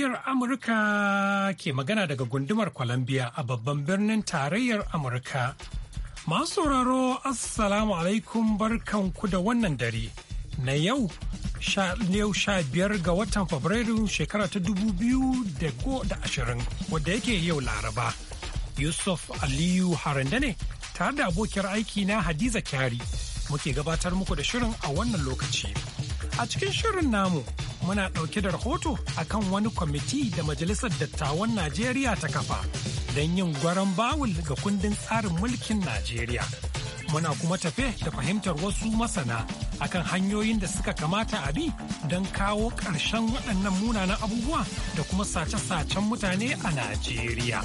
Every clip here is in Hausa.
muryar Amurka ke magana daga gundumar Columbia a babban birnin tarayyar Amurka. Masu sauraro Assalamu alaikum barkanku da wannan dare na yau sha biyar ga watan Fabrairu shekara ta dubu biyu da ashirin wadda yake yau Laraba. Yusuf Aliyu Haranda ne tare da abokiyar aiki na Hadiza Kyari muke gabatar muku da shirin a wannan lokaci. A cikin shirin namu muna ɗauke da rahoto akan wani kwamiti da Majalisar Dattawan Najeriya ta kafa don yin gwaron bawul ga kundin tsarin mulkin Najeriya. Muna kuma tafe da fahimtar wasu masana akan hanyoyin da suka kamata a bi don kawo ƙarshen waɗannan munanan abubuwa da kuma sace-sacen mutane a Najeriya.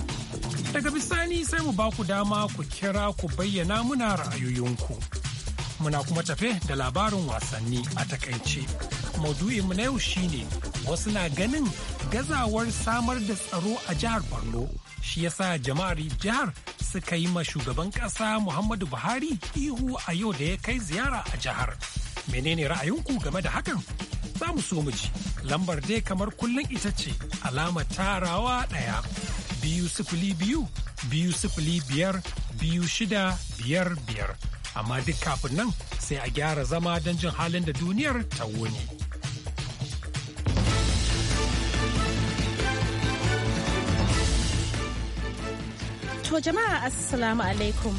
Daga bisani sai mu ba ku dama ku kira ku bayyana muna ra'ayoyinku. muna kuma tafe da labarin wasanni a takaice. Maudu'inmu na yau shine wasu na ganin gazawar samar da tsaro a jihar Borno shi yasa jama'ar jihar suka yi ma shugaban ƙasa Muhammadu Buhari ihu a yau da ya kai ziyara a jihar. Menene ra'ayinku game da hakan? Za mu so mu ji. Lambar dai kamar kullum ita ce alama tarawa ɗaya biyu sifili biyu biyu sifili biyar biyu shida biyar biyar. amma duk kafin nan sai a gyara zama don jin halin da duniyar ta wuni. To jama'a assalamu alaikum.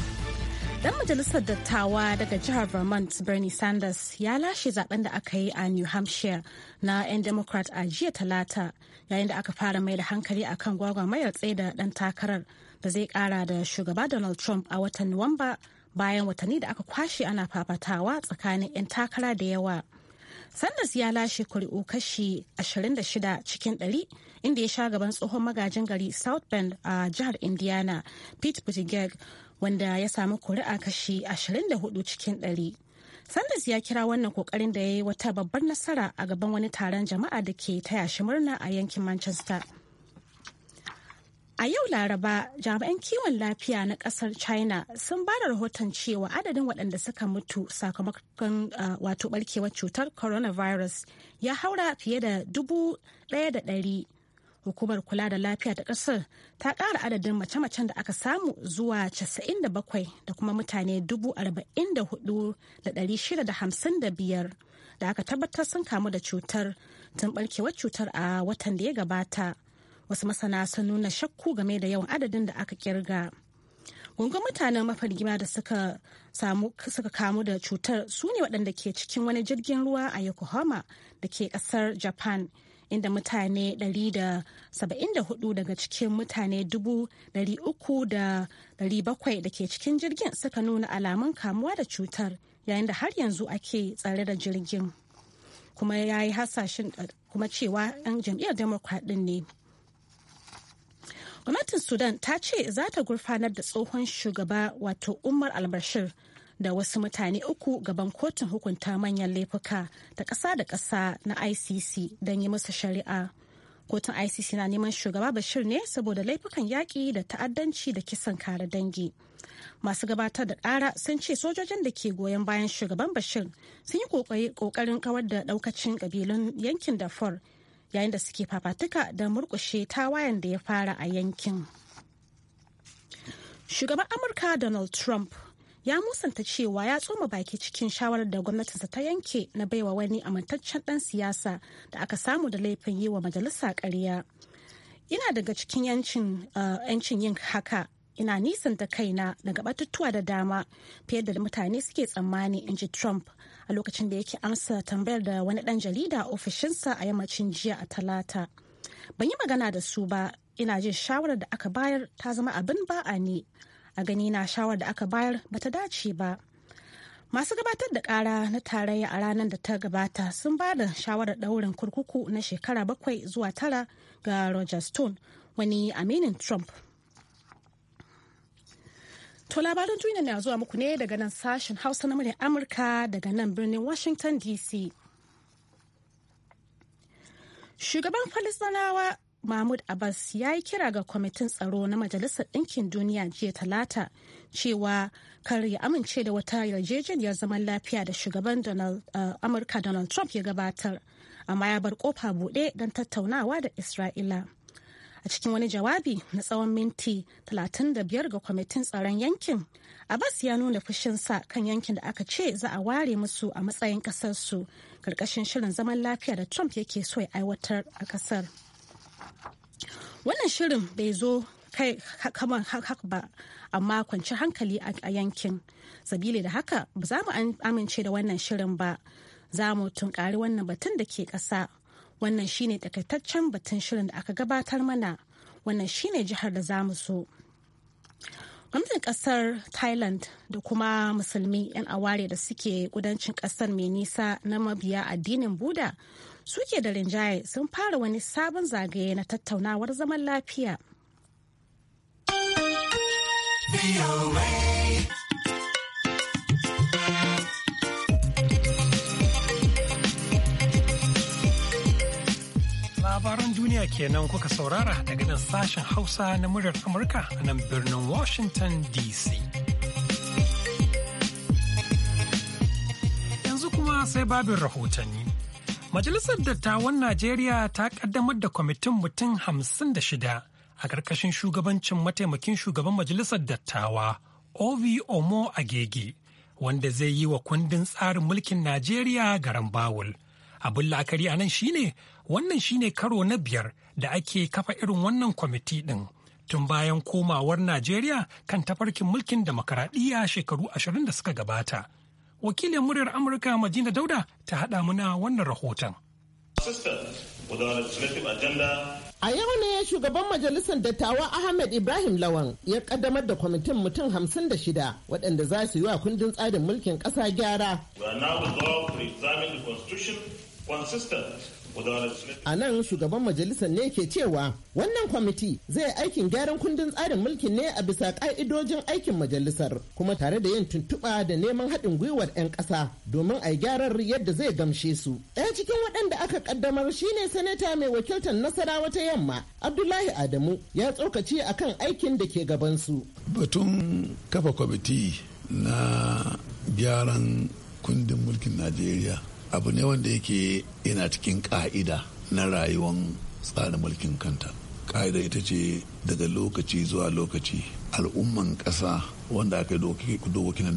Dan majalisar dattawa daga jihar Vermont Bernie Sanders ya lashe zaben da aka yi a New Hampshire na 'yan Democrat a jiya talata yayin da aka fara mai da hankali a kan akan mayar tsaye da dan takarar da zai kara da shugaba Donald Trump a watan Nuwamba bayan watanni da aka kwashe ana fafatawa tsakanin 'yan takara da yawa. Sanders ya lashe kuri'u kashi 26 cikin 100 inda ya sha gaban tsohon magajin gari South Bend a jihar Indiana, Pete Buttigieg, wanda ya samu kuri'a kashi 24 cikin 100. Sanders ya kira wannan kokarin da ya yi wata babbar nasara a gaban wani taron jama'a da ke taya shi murna a yankin Manchester. A yau Laraba, jami'an kiwon lafiya na kasar China sun ba da rahoton cewa adadin waɗanda suka mutu sakamakon uh, wato barkewar cutar coronavirus ya haura fiye da dubu ɗaya da ɗari. Hukumar kula da lafiya ta ƙasar ta ƙara adadin mace-macen da aka samu zuwa 97 da kuma mutane 44,655 da aka tabbatar sun kamu da cutar tun barkewar cutar a watan da ya gabata. wasu masana sun nuna shakku game da yawan adadin da aka kirga gungun mutanen mafargima da suka samu suka kamu da cutar su ne waɗanda ke cikin wani jirgin ruwa a yokohama da ke ƙasar japan inda mutane 174 daga cikin mutane 300,700 da ke cikin jirgin suka nuna alamun kamuwa da cutar yayin da har yanzu ake tsare da jirgin kuma ya yi hasashen kuma cewa 'yan jam'iyyar democrat ne Gwamnatin Sudan ta ce za ta gurfanar da tsohon shugaba wato Umar Albashir da wasu mutane uku gaban kotun hukunta manyan laifuka ta ƙasa da ƙasa na ICC don yi musu shari'a. Kotun ICC na neman shugaba Bashir ne saboda laifukan yaƙi da ta'addanci da kisan kare dangi. Masu gabatar da ƙara sun ce sojojin da ke goyon bayan shugaban Bashir sun yi ƙoƙarin kawar da ɗaukacin ƙabilun yankin Darfur yayin da suke fafatuka da murkushe wayan da ya fara a yankin shugaban amurka donald trump ya musanta cewa ya tsoma baki cikin shawarar da gwamnatinsa ta yanke na baiwa wani amintaccen dan siyasa da aka samu da laifin yi wa majalisa ƙarya ina daga cikin yancin eh, yin haka ina nisan nisanta kaina daga batutuwa da dama fiye da mutane suke tsammani in ji trump a lokacin da yake amsa tambayar da wani ɗan jarida ofishinsa a yammacin jiya a talata. Ban yi magana da su ba, ina jin shawarar da aka bayar ta zama abin ba'a ne. A gani na shawarar da aka bayar bata dace ba. Masu gabatar da kara na tarayya a ranar da ta gabata sun ba da shawarar daurin kurkuku na shekara bakwai zuwa tara ga Roger Stone, wani aminin Trump To labaran duniya na zuwa muku ne daga nan sashen Hausa na muryar Amurka daga nan birnin Washington DC. Shugaban falisanawa Mahmud Abbas ya yi kira ga kwamitin tsaro na Majalisar Ɗinkin Duniya jiya talata cewa kar ya amince da wata yarjejeniyar zaman lafiya da shugaban eh, Amurka Donald Trump ya gabatar, amma ya bar kofa buɗe don tattaunawa da Isra'ila. a cikin wani jawabi na tsawon minti 35 ga kwamitin tsaron yankin abbas ya nuna fushinsa kan yankin da aka ce za a ware musu a matsayin kasarsu karkashin shirin zaman lafiya da trump yake so ya aiwatar a kasar wannan shirin bai zo kai kamar haka ba amma kwanci hankali a yankin sabili da haka ba za mu amince da wannan shirin ba za mu tunkari wannan batun da ke ƙasa Wannan shine takaitaccen batun shirin da aka gabatar mana. Wannan shine jihar da za mu so. Gwamnatin kasar Thailand da kuma musulmi 'yan aware da suke kudancin kasar mai nisa na mabiya addinin Buda suke da rinjaye sun fara wani sabon zagaye na tattaunawar zaman lafiya. labaran duniya kenan kuka saurara daga nan sashen Hausa na muryar Amurka a nan birnin Washington DC. Yanzu kuma sai babin rahotanni. Majalisar Dattawan Najeriya ta kaddamar da kwamitin mutum hamsin da shida a ƙarƙashin shugabancin mataimakin shugaban Majalisar Dattawa, Ovi Omo Agege, wanda zai yi wa kundin tsarin mulkin Najeriya garan Bawul. abin la'akari a nan shine wannan shine karo na biyar da ake kafa irin wannan kwamiti din, tun bayan komawar najeriya kan tafarkin mulkin demokaradiyya shekaru ashirin da suka gabata wakilin muryar amurka Majina dauda ta haɗa muna wannan rahoton A yau ne shugaban majalisar dattawa Ahmed Ibrahim Lawan ya kaddamar da kwamitin mutum hamsin da shida waɗanda za su yi wa kundin tsarin mulkin ƙasa gyara. A nan shugaban majalisar ne ke cewa wannan kwamiti zai aikin gyaran kundin tsarin mulki ne a bisa ka'idojin aikin majalisar kuma tare da yin tuntuɓa da neman haɗin gwiwar 'yan ƙasa domin a gyarar yadda zai gamshe su. Ɗaya cikin waɗanda aka ƙaddamar shine sanata mai wakiltar nasarawa ta yamma Abdullahi Adamu ya tsokaci akan aikin da ke gabansu. Batun kafa kwamiti na gyaran kundin mulkin Najeriya abu ne wanda yake yana cikin ka'ida na rayuwar tsarin mulkin kanta ka'ida ita ce daga lokaci zuwa lokaci al'umman ƙasa wanda aka yi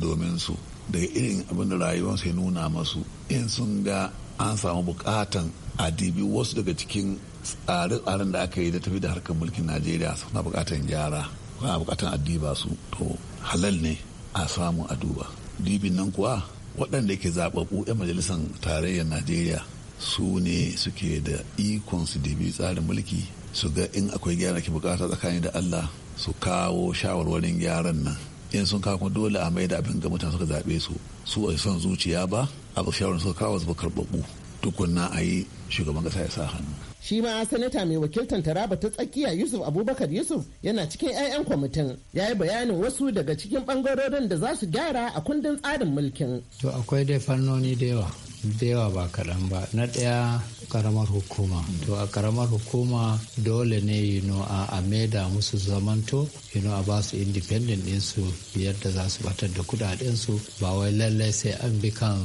domin su daga irin abin da rayuwarsu ya nuna masu in sun ga an samu bukatan a dibi wasu daga cikin tsare-tsaren da aka yi da tafi da harkar mulkin najeriya suna bukatan gyara suna bukatan a diba su to halal ne a samu a duba dibin nan kuwa waɗanda ke zaɓaɓɓu 'yan majalisar tarayyar najeriya su ne suke da ikon su dibi tsarin mulki su ga in akwai gyara ke bukata tsakani da allah su kawo shawarwarin gyaran nan in sun kawo dole a mai da abin ga mutane suka zaɓe su su a son zuciya ba a shawarar suka kawo su karɓaɓɓu tukunna a yi shugaban ƙasa ya sa hannu shi ma sanata mai wakiltar taraba ta tsakiya yusuf abubakar yusuf yana cikin 'ya'yan kwamitin ya yi bayanin wasu daga cikin bangarorin da za su gyara a kundin tsarin mulkin to akwai dai fannoni da yawa bewa ba kaɗan ba na ɗaya karamar hukuma to a karamar hukuma dole ne yino a a maida musu zamanto yi a ba su independent ɗinsu yadda za su batar da kudadensu ba wai lallai sai an bi kan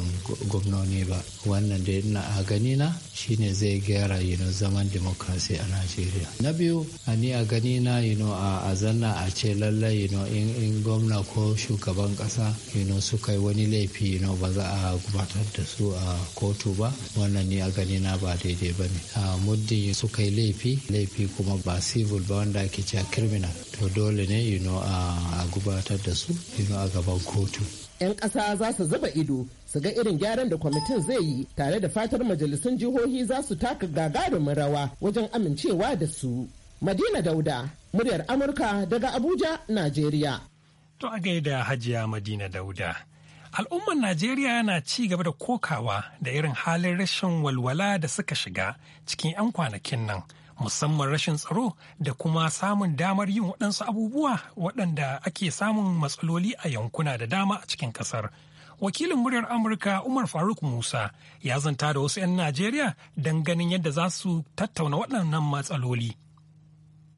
gwamnoni ba wannan da na a gani na shine zai gyara yi zaman demokrasi a najeriya na biyu a ni a ganina na a a zanna a ce lallai yi in, in gwamna ko shugaban kasa yi suka yi wani laifi yi ba za a gubatar da su a kotu ba wannan ni a gani na ba daidai ba ne muddin suka yi laifi laifi kuma ba civil ba wanda ake cewa criminal to dole ne you a gubatar da su you a gaban kotu 'yan ƙasa za su zuba ido su ga irin gyaran da kwamitin zai yi tare da fatar majalisun jihohi za su taka gagarumin rawa wajen amincewa da su. Madina Dauda, muryar Amurka daga Abuja, Najeriya. To a gaida Hajiya Madina Dauda. Al'ummar Najeriya na ci gaba da kokawa da irin halin rashin walwala da suka shiga cikin 'yan kwanakin nan, musamman rashin tsaro da kuma samun damar yin waɗansu abubuwa waɗanda ake samun matsaloli a yankuna da dama a cikin ƙasar. Wakilin muryar Amurka Umar Faruk Musa ya zanta da wasu 'yan Najeriya don ganin yadda za su tattauna waɗannan matsaloli.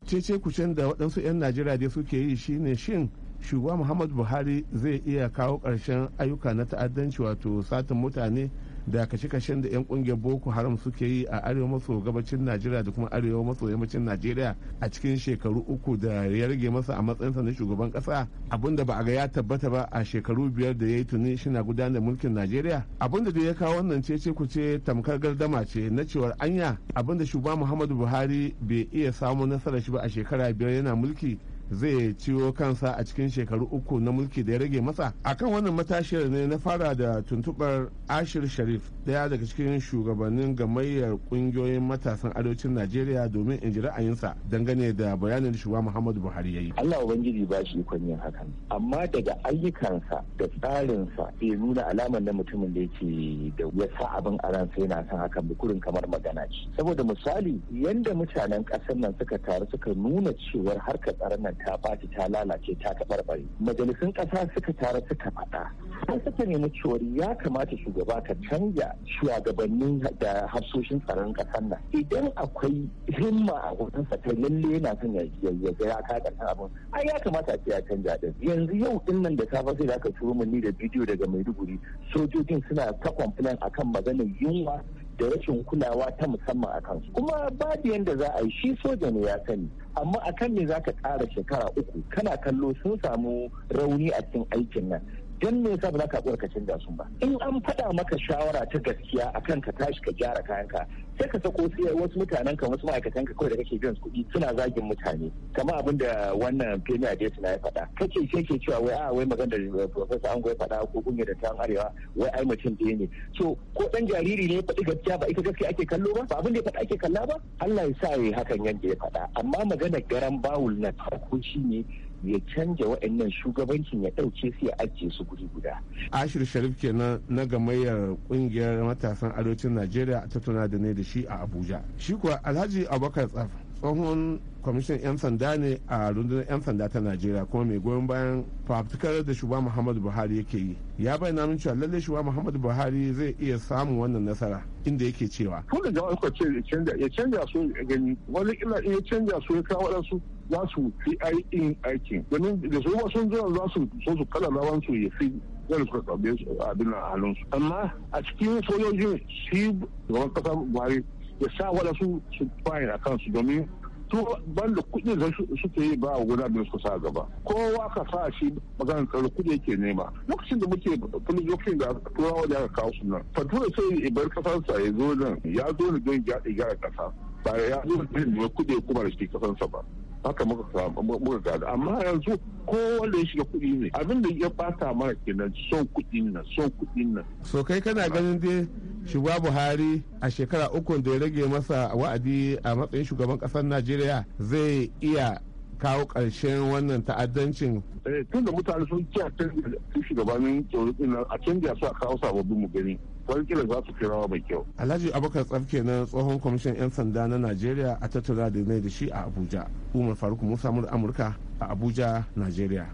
Cece kucen da waɗansu 'yan Najeriya dai suke yi shine shin shugaba muhammadu buhari zai iya kawo ƙarshen ayyuka na ta'addanci wato satin mutane da kashe-kashen da 'yan ƙungiyar boko haram suke yi a arewa maso gabacin najeriya da kuma arewa maso yammacin najeriya a cikin shekaru uku da ya rage masa a matsayinsa na shugaban kasa abinda ba a ga ya tabbata ba a shekaru biyar da ya yi tuni shina gudanar mulkin najeriya abinda da ya kawo wannan ce kuce tamkar gardama ce na cewar anya abinda shugaba muhammadu buhari bai iya samu nasarar shi ba a shekara biyar yana mulki zai ciwo kansa a cikin shekaru uku na mulki da ya rage masa akan wannan matashiyar ne na fara da tuntubar ashir sharif daya daga cikin shugabannin gamayyar kungiyoyin matasan arewacin najeriya domin in ji ra'ayinsa dangane da bayanin shugaba muhammadu buhari ya yi allah ubangiji ba shi ikon yin hakan amma daga ayyukansa da tsarinsa bai nuna alamar na mutumin da yake da ya sa abin a ransa yana son hakan bukurin kamar magana ce saboda misali yadda mutanen ƙasar nan suka taru suka nuna cewar harkar tsaron nan ta ɓaci ta lalace ta taɓarɓare majalisun ƙasa suka tara suka faɗa sai suka nemi cewar ya kamata shugaba ka canja shugabannin da hafsoshin tsaron ƙasar nan idan akwai himma a sa ta lalle yana son ya ga ya kaga kan abin ai ya kamata a ce ya canja din yanzu yau din nan da safe sai da aka turo ni da bidiyo daga maiduguri sojojin suna ta complain akan maganar yunwa da rashin kulawa ta musamman a kansu kuma babu yadda za a yi shi soja ne ya sani amma a kan ne za ka ƙara shekara uku kana kallo sun samu rauni a cikin aikin nan don me sa ba za ka canza da sun ba in an faɗa maka shawara ta gaskiya akan ka tashi ka gyara kayanka sai ka sako wasu mutanen ka wasu ma'aikatan ka kawai da kake biyan kuɗi suna zagin mutane kamar abin da wannan premier date na ya faɗa kake sai ke cewa wai a ah, wai magana da professor Ango ya faɗa ko kunya da ta arewa wai ai mutum ɗaya ne so ko dan jariri ne ya faɗi gaskiya ba ita gaskiya ake kallo ba ba abin da ya faɗa ake kalla ba Allah ya sa yi hakan yadda ya faɗa amma maganar garan bawul na farko shine ya canja waɗannan shugabancin ya ɗauke su ya ajiye su guri guda. Ashir Sharif kenan na gamayyar ƙungiyar matasan arewacin Najeriya a tattauna da ne da shi a Abuja. Shi kuwa Alhaji Abubakar Tsaf tsohon kwamishin 'yan sanda ne a rundunar 'yan sanda ta najeriya kuma mai goyon bayan fafutukar da shugaba muhammadu buhari yake yi ya bayyana min cewa lallai shugaba muhammadu buhari zai iya samun wannan nasara inda yake cewa Kuma da jama'a ce ya canja ya canja su gani wani illa ya canja su ya kawo waɗansu za su fi aikin aikin domin da su wasu zuwa za su so su kada lawan su ya fi zan suka ɗaube su abin a halin su amma a cikin sojojin shi gaban kasa buhari ya sa waɗansu su fayi a kansu domin to ban da kuɗi da suke yi ba guda da suka sa gaba kowa ka sa shi magana kar kuɗi yake nema lokacin da muke kuma lokacin da turawa da aka kawo su nan fatura sai kasar kasarsa ya zo nan ya zo ne don ya gyara kasa ba ya zo ne kuɗi kuma da shi kasarsa ba haka muka gado amma yanzu ko wanda ya shiga kuɗi ne abin da ya bata mara kenan son kuɗi nan son kuɗi nan. so kai kana ganin dai shugaba buhari a shekara uku da ya rage masa wa'adi a matsayin shugaban kasar najeriya zai iya kawo ƙarshen wannan ta'addancin. Eh, tun da mutane sun ci a canza shugabannin tsoron a canja su a kawo sababbin mu gani wani za su rawa mai kyau. Alhaji Abubakar Tsafke na tsohon kwamishin 'yan sanda na Najeriya a tattara da ne da shi a Abuja. Umar Faruk Musa mur Amurka a Abuja, Najeriya.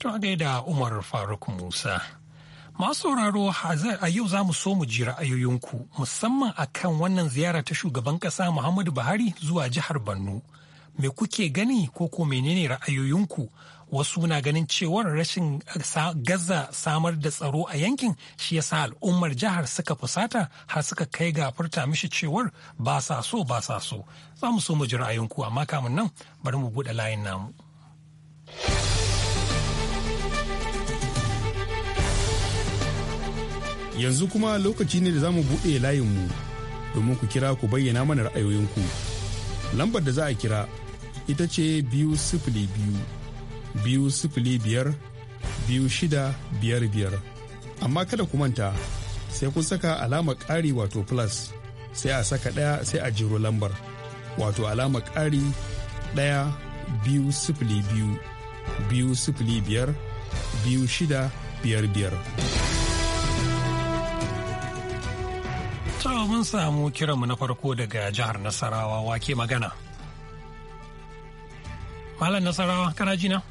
To da Umar Faruk Musa. Masu sauraro a yau za mu so mu ji ra'ayoyinku musamman a kan wannan ziyara ta shugaban ƙasa Muhammadu Buhari zuwa jihar Borno. Me kuke gani ko ko menene ra'ayoyinku wasu na ganin cewar rashin gaza samar da tsaro a yankin shi yasa al'ummar jihar suka fusata har suka kai ga furta mishi cewar ba sa so ba sa so za mu so mu ji ra'ayinku amma kamun nan bari mu buɗe layin namu. Yanzu kuma lokaci ne da za mu buɗe layinmu domin ku kira ku bayyana mana ra'ayoyinku. Lambar da za a kira ita ce biyu sifili biyu biyu sifili biyar biyu shida biyar biyar amma kada ku manta sai kun saka alama ƙari wato plus sai a saka ɗaya sai a jiro lambar wato alama ƙari ɗaya biyu sifili biyu biyu sifili biyar biyu shida biyar biyar. mun samu kiranmu na farko daga jihar Nasarawa wake magana. Malam Nasarawa, kana jina?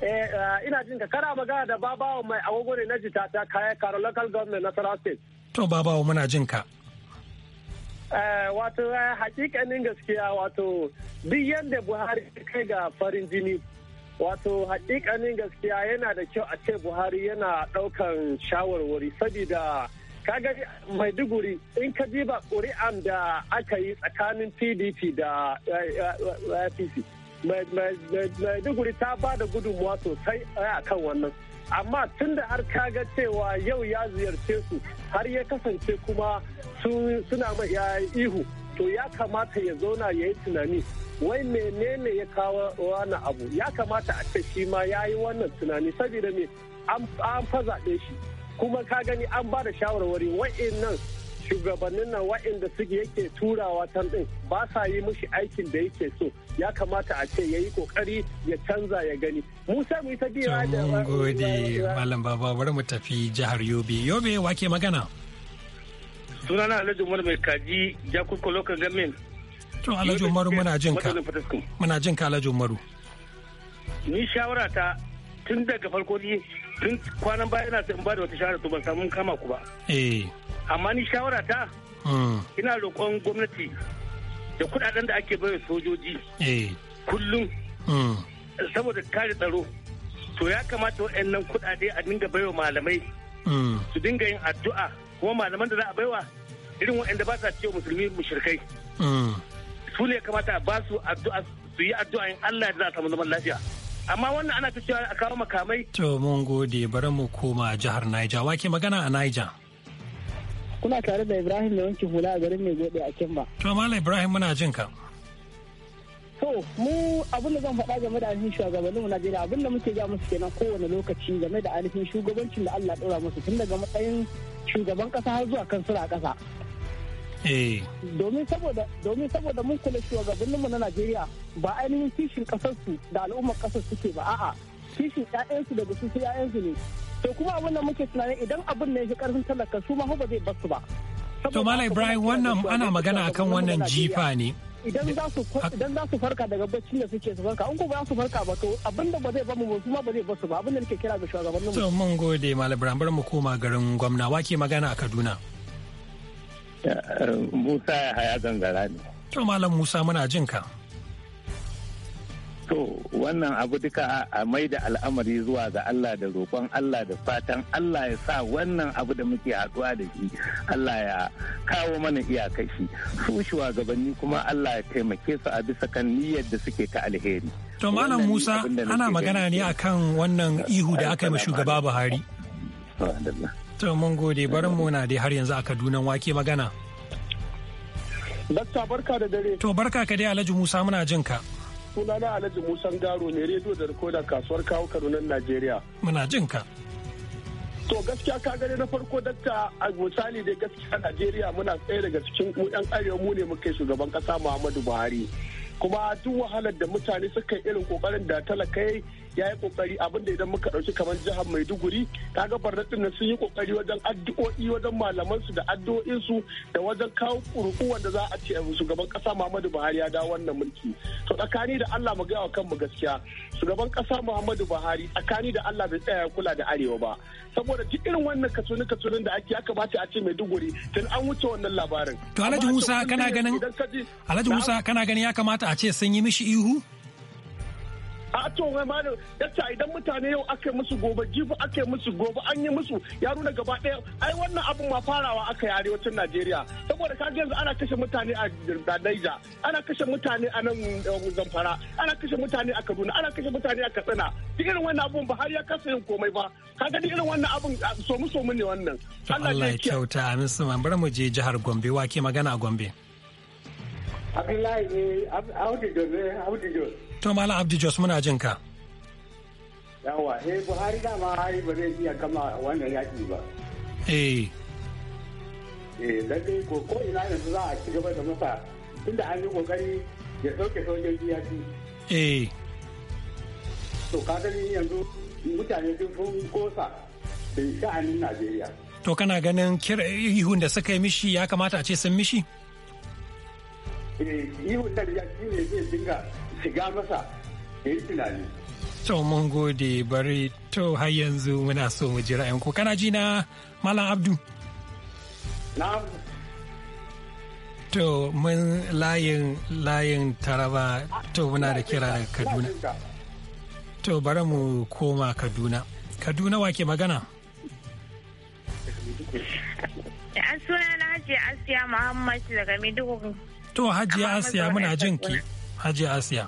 Eh, eh, ina jin ka kana magana da babawa mai agogo ne na jita ta kaya karo local government na Sarawak state. To babawa muna jin ka. Eh, wato hakikanin gaskiya wato duk yadda Buhari kai ga farin jini wato hakikanin gaskiya yana da kyau a ce Buhari yana daukan shawarwari saboda kaga maiduguri in ka diba ƙuri'an da aka yi tsakanin pdp da apc maiduguri ta ba da gudunmuwa sosai eh, a kan wannan amma tun da har ga cewa yau ya ziyarce su har ya kasance kuma suna mai ihu to ya kamata ya zauna ya yi tunani wai menene ya kawo wani abu ya kamata a ce shi ma ya yi wannan tunani saboda me an fazaɓe shi kuma ka gani an ba da shawarwari wa'in nan shugabannin nan waɗanda suke yake turawa can ɗin ba sa yi mushi aikin da yake so ya kamata a ce ya yi kokari ya canza ya gani musa mu ta biya da mun gode malam baba bari mu tafi jihar yobe yobe wake magana sunana alhaji umar mai kaji jakusko local government to alhaji umar muna jin ka muna jin ka alhaji umar ni shawara ta tun daga farko ni tun kwanan baya ina in ba da wata shawara to ban samu kama ku ba eh amma ni shawara ta hmm. ina roƙon gwamnati da kudaden da ake bayar sojoji eh. kullum hmm. saboda kare tsaro to ya kamata waɗannan kudade a dinga baiwa malamai hmm. su dinga yin addu'a kuma malaman da za a baiwa irin waɗanda ba sa cewa musulmi mushrikai su ne kamata a ba su addu'a su yi addu'a in Allah ya za samu zaman lafiya amma wannan ana ta cewa a kawo makamai to mun gode bari mu koma jihar Niger wake magana a Niger kuna tare da ibrahim da wankin hula a garin mai a kimba to mala ibrahim muna jin ka to mu abin da zan faɗa game da ainihin shugabannin mu Najeriya abin da muke ga musu kenan kowane lokaci game da ainihin shugabancin da Allah ɗora musu tun daga matsayin shugaban ƙasa har zuwa sura ƙasa. Eh. Domin saboda domin saboda mun kula shugabannin mu na Najeriya ba ainihin kishin ƙasarsu da al'ummar kasar suke ba a'a kishin 'ya'yansu daga su 'ya'yansu ne to kuma abin da muke tunanin idan abin ne ya karfin talaka su ma ba zai basu ba to mala ibrahim wannan ana magana akan wannan jifa ne idan za su farka daga bacci da suke su farka an ko ba su farka ba to da ba zai ba mu su ma ba zai ba abin da ke nake kira ga shugabannin mu to mun gode malam Ibrahim bari mu koma garin gwamna wake magana a Kaduna eh, Musa ya haya gangara ne to malam Musa muna jin ka To wannan abu duka a mai da al'amari zuwa ga Allah da roƙon Allah da fatan Allah ya sa wannan abu da muke haɗuwa da shi Allah ya kawo mana iyakashi su shugabanni kuma Allah ya taimake su a bisa kan niyyar da suke ta alheri. To Malam Musa ana magana ne akan wannan ihu da aka yi ma shugaba Buhari. To mun gode barin mu na dai har yanzu a Kaduna wake magana. barka da dare. To barka ka dai Alhaji Musa muna jin ka. suna na Alhaji Musan Garo ne rediyo da rikodar kasuwar kawo Kaduna Najeriya. Muna jin ka. To gaskiya ka gani na farko dakta a misali dai gaskiya Najeriya muna tsaye daga cikin yan arewa mu ne muka shugaban kasa Muhammadu Buhari. Kuma duk wahalar da mutane suka yi irin kokarin da talakai ya yi kokari abin da idan muka ɗauki kamar jihar maiduguri kaga barnatin nan sun yi kokari wajen addu'o'i wajen malaman su da addu'o'in su da wajen kawo kuruku wanda za a ce shugaban kasa muhammadu buhari ya dawo wannan mulki to tsakani da allah mu gaya wa kanmu gaskiya shugaban kasa muhammadu buhari tsakani da allah bai tsaya kula da arewa ba saboda duk irin wannan katsuni katsunin da ake ya kamata a ce maiduguri tun an wuce wannan labarin to alhaji musa kana ganin alhaji musa kana ganin ya kamata a ce sun yi mishi ihu a to wai malam ta idan mutane yau aka musu gobe jifu aka musu gobe an yi musu ya nuna gaba ɗaya ai wannan abin ma farawa aka yi arewacin Najeriya saboda ka yanzu ana kashe mutane a Dadaija ana kashe mutane a nan eh, Zamfara ana kashe mutane a Kaduna ana kashe mutane a Katsina duk irin wannan abun ba har ya kasa yin komai ba kaga duk irin wannan abun somu somu ne wannan Allah ya kyauta amin sun bar mu je jihar Gombe wa ke magana a Gombe Abdullahi Audu Dobe eh, Audi Dobe to malam abdi jos muna jin ka yawa eh buhari dama hari ba zai iya kama wannan yaki ba eh eh lalle ko ko ina yanzu za a ci gaba da masa tunda an yi kokari ya sauke sojoji ya ci eh to ka gani yanzu mutane sun kosa da sha'anin najeriya to kana ganin kira ihun da suka yi mishi ya kamata a ce sun mishi? Eh, ihun da ya ne zai dinga shiga masa ya yi tunani. To mun gode bari to har yanzu muna so mu jira yan ko kana ji na Malam Abdu. Na'am. To mun layin layin Taraba to muna da kira Kaduna. To bari mu koma Kaduna. Kaduna wa ke magana? An suna na Hajiya Asiya Muhammad daga Maiduguri. To Hajiya Asiya muna jin ki. Hajiya Asiya.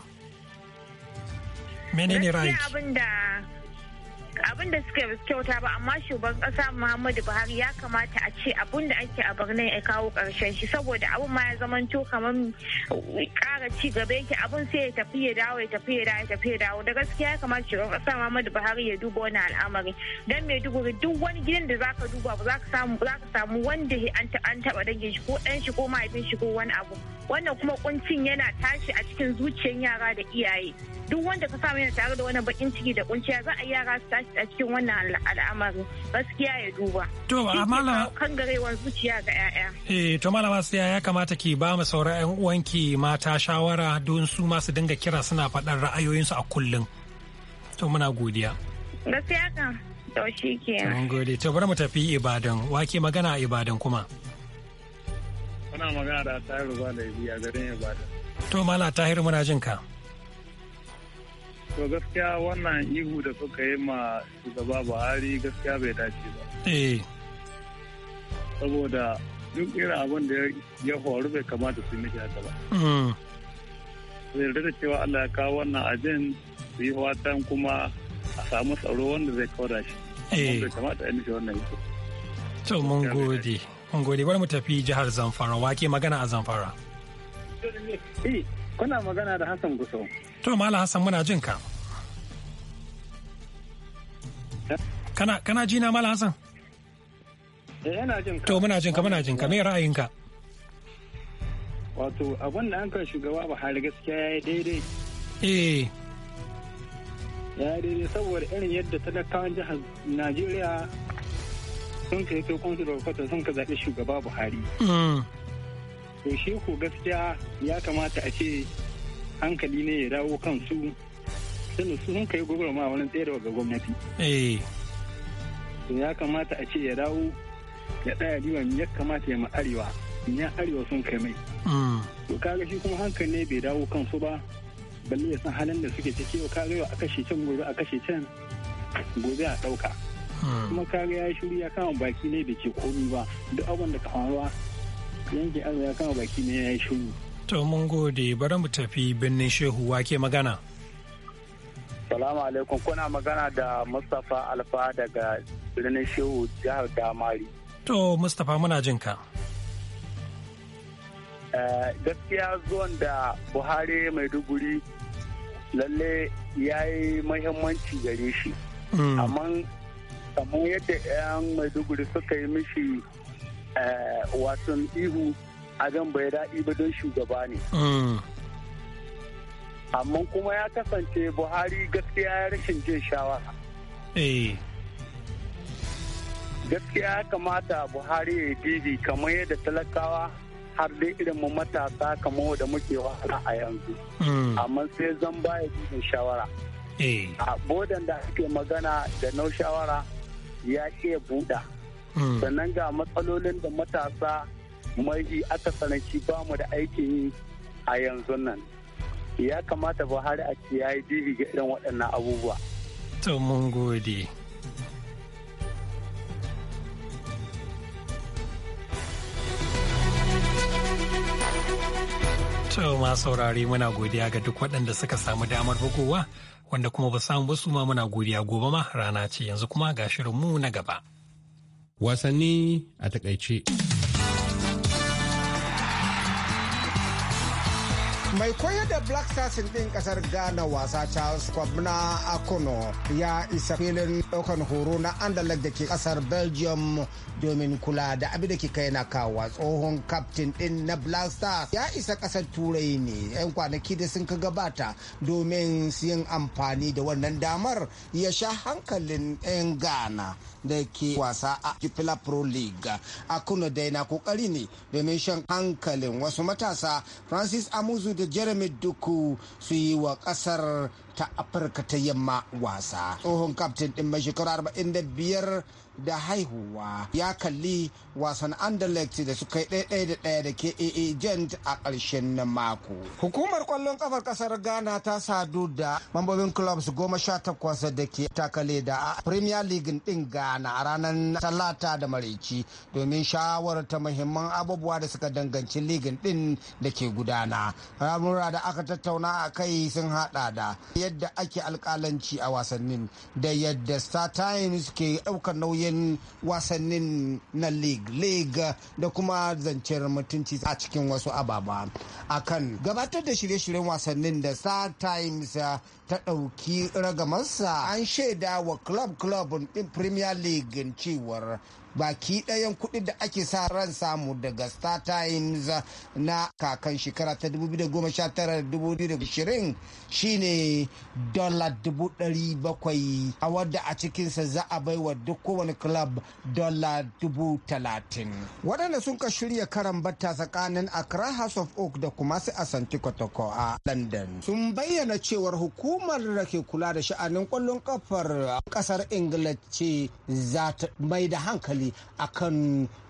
Menene ra'ayi? Abin da abin da suka yi kyauta ba amma shugaban kasa muhammadu buhari ya kamata a ce abin da ake a birnin ya kawo karshen shi saboda abin ma ya zamanto kamar kara ci gaba yake abin sai ya tafi ya dawo ya tafi ya dawo ya tafi ya dawo da gaskiya ya kamata shugaban kasa muhammadu buhari ya duba wani al'amari dan duguri duk wani gidan da zaka duba ba zaka samu zaka samu wanda an taba dangin shi ko dan shi ko mahaifin shi ko wani abu wannan kuma kuncin yana tashi a cikin zuciyar yara da iyaye duk wanda ka samu yana tare da wani bakin ciki da kunciya za a yara su tashi a cikin wannan al'amari gaskiya ya duba. To ah, malama kan garewar zuciya ga 'ya'ya. Eh to malama su ya kamata ki ba mu sauran 'yan uwanki mata shawara don su ma su dinga kira suna faɗar ra'ayoyinsu a kullum. To muna godiya. Gaskiya kan to shi ke. Mun gode to bari mu tafi Ibadan wake magana a Ibadan kuma. Muna magana da Tahiru Gwale a garin Ibadan. To mala Tahiru muna jin ka. To gaskiya wannan ihu da suka yi ma shugaba Buhari gaskiya bai dace ba. Eh. Saboda duk irin abin da ya horu bai kamata su miki haka ba. Hmm. Su yarda da cewa Allah ya kawo wannan abin su yi watan kuma a samu tsaro wanda zai kawo da shi. Eh. Bai kamata a miki wannan ihu. To mun gode. Mun gode bari mu tafi jihar Zamfara wake magana a Zamfara. Eh, kuna magana da Hassan Gusau. To Mala Hassan muna jin ka. Kana kana ji Mala Hassan? Yana eh, jin ka. To muna jin ka muna jin ka me ra'ayinka? Wato abin da an kan shugaba Buhari gaskiya ya yi daidai. Eh. Ya yi daidai saboda irin yadda talakawan jihar Najeriya sun kai ta kun da kwata sun ka zaɓi shugaba Buhari. Mm. To shi ku gaskiya ya kamata a ce hankali ne ya dawo kan tunda su sun kai gwagwarmawa wani tsaye da ga gwamnati eh. ya kamata a ce ya dawo ya ɗaya diwan ya kamata ya ma arewa ya arewa sun kai mai mm. to kaga shi kuma hankali ne bai dawo kan su ba balle ya san halin da suke ciki kewa kaga yau a kashe can gobe a kashe can gobe a ɗauka mm. kuma kaga ya shiru ya kama baki ne da ke komi ba duk abin da ka faruwa yanke arewa ya kama baki ne ya yi shiru To mun gode bari mu tafi birnin Shehu wake magana. Salamu alaikum kuna magana da Mustapha Alfa daga birnin Shehu jihar Damari. To Mustapha muna jin ka. Eh, gaskiya zuwan da Buhari Maiduguri lalle ya yi mahimmanci gare shi. Hmm. Amma kamar yadda 'yan Maiduguri suka yi mishi eh, watan ihu Adam bai daɗi ba don shugaba ne. Mm. Amma kuma ya kasance Buhari gaskiya ya rashin jin shawara. Eh. Gaskiya ya kamata Buhari ya yi kamar yadda talakawa har dai irin mu matasa kamar da muke wahala a yanzu. Mm. Amma sai zan baya jin shawara. Eh. A bodan da ake magana da nau shawara ya iya buɗa. Mm. Sannan ga matsalolin da matasa mai aka sananci ba mu da aikin yi a yanzu nan ya kamata ba hari a ce ya yi dibi ga irin waɗannan abubuwa to mun gode To ma saurari muna godiya ga duk waɗanda suka samu damar bugowa wanda kuma ba samu ba su ma muna godiya gobe ma rana ce yanzu kuma ga shirinmu na gaba. Wasanni a takaice. mai koyar da black stars ɗin kasar ghana wasa charles kwabna akono ya isa filin ɗaukan horo na andalag da ke kasar belgium domin kula da abin da ke kai na kawa tsohon kaftin ɗin na black stars ya isa kasar turai ne 'yan kwanaki da sun ka gabata domin yin amfani da wannan damar ya sha hankalin 'yan ghana da ke wasa a kifila pro league akono dai na kokari ne domin shan hankalin wasu matasa francis amuzu da jeremy duku su yi wa kasar ta afirka ta yamma wasa tsohon kaftin din mai shekaru 45 da haihuwa ya kalli wasan anderlecht da suka yi ɗaya da ɗaya da kaa gent a ƙarshen mako hukumar kwallon kafar ƙasar ghana ta sadu da mambobin clubs goma sha takwas da ke takale da premier league ɗin ghana a ranar talata da maraici domin ta muhimman abubuwa da suka danganci ligin ɗin da ke gudana ramura da aka tattauna a kai sun haɗa da yadda ake alkalanci a wasannin da yadda star times ke ɗaukar nauyin cikin wasannin na league league da kuma zancen mutunci a cikin wasu ababa akan gabatar da shirye-shiryen wasannin da star times uh, ta ɗauki ragamarsa an shaida wa club club din premier league cewar baki ɗayan kuɗi da ake sa ran samu daga star times na kakan shekara ta 2019-2020 shine dollar 700 a wadda a cikinsa za a bai wa duk kowane club dola 30,000 waɗanda sun ka shirya karan batta tsakanin accra house of oak da kuma su santi kotoko a london sun bayyana cewar hukumar da ke kula da sha'anin kwallon kafar ƙasar ingila ce za ta mai da hankali misali akan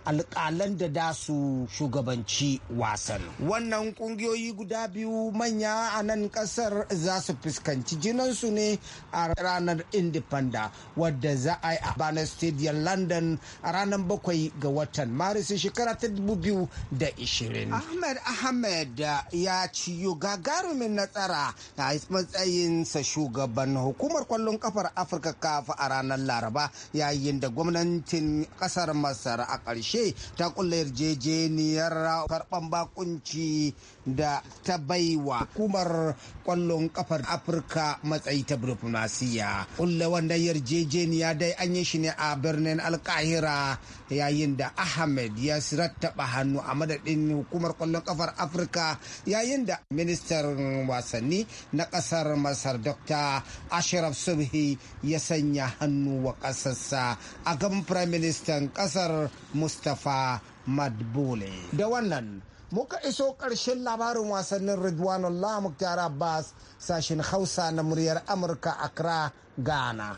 alƙalan da da su shugabanci wasan wannan ƙungiyoyi guda biyu manya a nan ƙasar za su fuskanci jinansu ne a ranar indifenda wadda za a yi a Banner Stadium London a ranar bakwai ga watan Maris shekara ta dubu biyu da ishirin. Ahmed Ahmed eh, ya ciyo gagarumin nasara a matsayinsa shugaban hukumar kwallon kafar Afirka kafa a ranar Laraba yayin da gwamnatin ƙasar Masar a ƙarshe ƙarshe ta kulle yarjejeniyar karɓan bakunci da ta baiwa hukumar kwallon kafar afirka matsayi ta diplomasiya kulle wanda yarjejeniya dai an yi shi ne a birnin alkahira yayin da ahmed ya rattaba hannu a madadin hukumar kwallon kafar afirka yayin da ministan wasanni na kasar masar dr ashraf subhi ya sanya hannu wa kasarsa a gan firaministan kasar mustapha madbule da wannan muka iso ƙarshen labarin wasannin Ridwanullah Muktar Abbas sashin Hausa na muryar Amurka Accra, Ghana.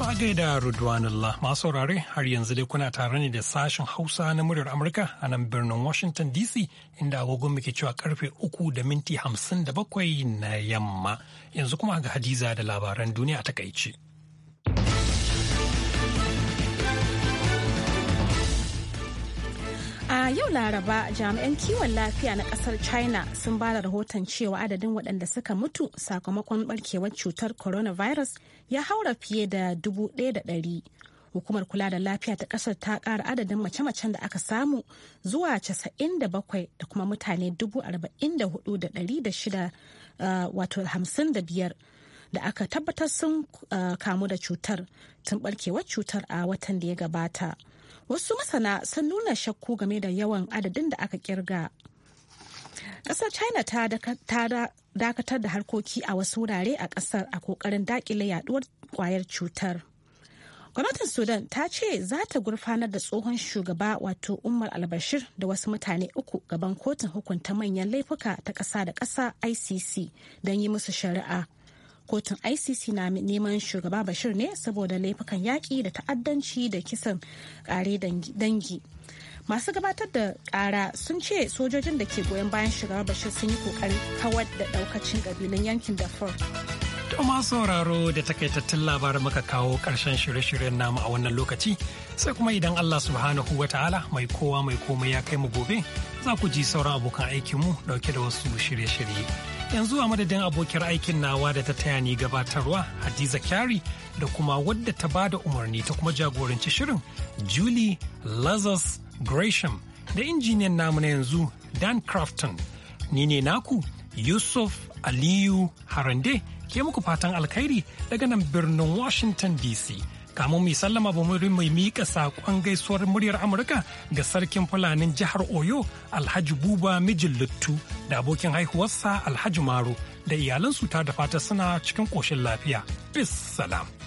a gaida Ridwanullah masu saurare har yanzu dai kuna tare ne da sashen Hausa na muryar Amurka a nan birnin Washington DC inda agogon muke cewa karfe uku da minti hamsin da bakwai na yamma yanzu kuma ga Hadiza da labaran duniya a taƙaice. A yau Laraba jami'an kiwon lafiya na kasar China sun ba da rahoton cewa adadin waɗanda suka mutu sakamakon barkewar cutar coronavirus ya haura fiye da dubu ɗaya da ɗari. Hukumar kula da lafiya ta ƙasar ta ƙara adadin mace-macen da aka samu zuwa casa'in da bakwai da kuma mutane dubu arba'in da hudu da ɗari da shida uh, wato hamsin da biyar da aka tabbatar sun uh, kamu da cutar tun barkewar cutar a watan da ya gabata. wasu masana sun nuna shakku game da yawan adadin da aka kirga kasar china ta dakatar da harkoki a wasu wurare a kasar a kokarin dakile yaduwar kwayar cutar gwamnatin sudan ta ce za ta gurfanar da tsohon shugaba wato umar albashir da wasu mutane uku gaban kotun hukunta manyan laifuka ta ƙasa da ƙasa icc don yi musu shari'a kotun icc na neman shugaba bashir ne saboda laifukan yaƙi da ta'addanci da kisan ƙare dangi masu gabatar da ƙara sun ce sojojin da ke goyon bayan shugaba bashir sun yi kokarin kawar da ɗaukacin ƙabilun yankin darfur ma sauraro da takaitattun labarin muka kawo ƙarshen shirye-shiryen namu a wannan lokaci sai kuma idan Allah subhanahu wa ta'ala mai kowa mai komai ya kai mu gobe za ku ji sauran abokan aikinmu ɗauke da wasu shirye-shirye. Yanzu a madadin abokiyar aikin nawa da ta taya ni gabatarwa Hadiza Kyari da kuma wadda ta bada umarni ta kuma jagoranci shirin Julie Lazarus Gresham da injiniyan namu na yanzu Dan Crafton. Ni ne naku Yusuf Aliyu Harande ke muku fatan alkhairi daga nan birnin Washington DC. kamun mai sallama ba mai miƙa saƙon gaisuwar muryar amurka ga sarkin fulanin jihar oyo alhaji buba mijin littu da abokin haihuwarsa alhaji maro da iyalansu ta da fata suna cikin ƙoshin lafiya bis salam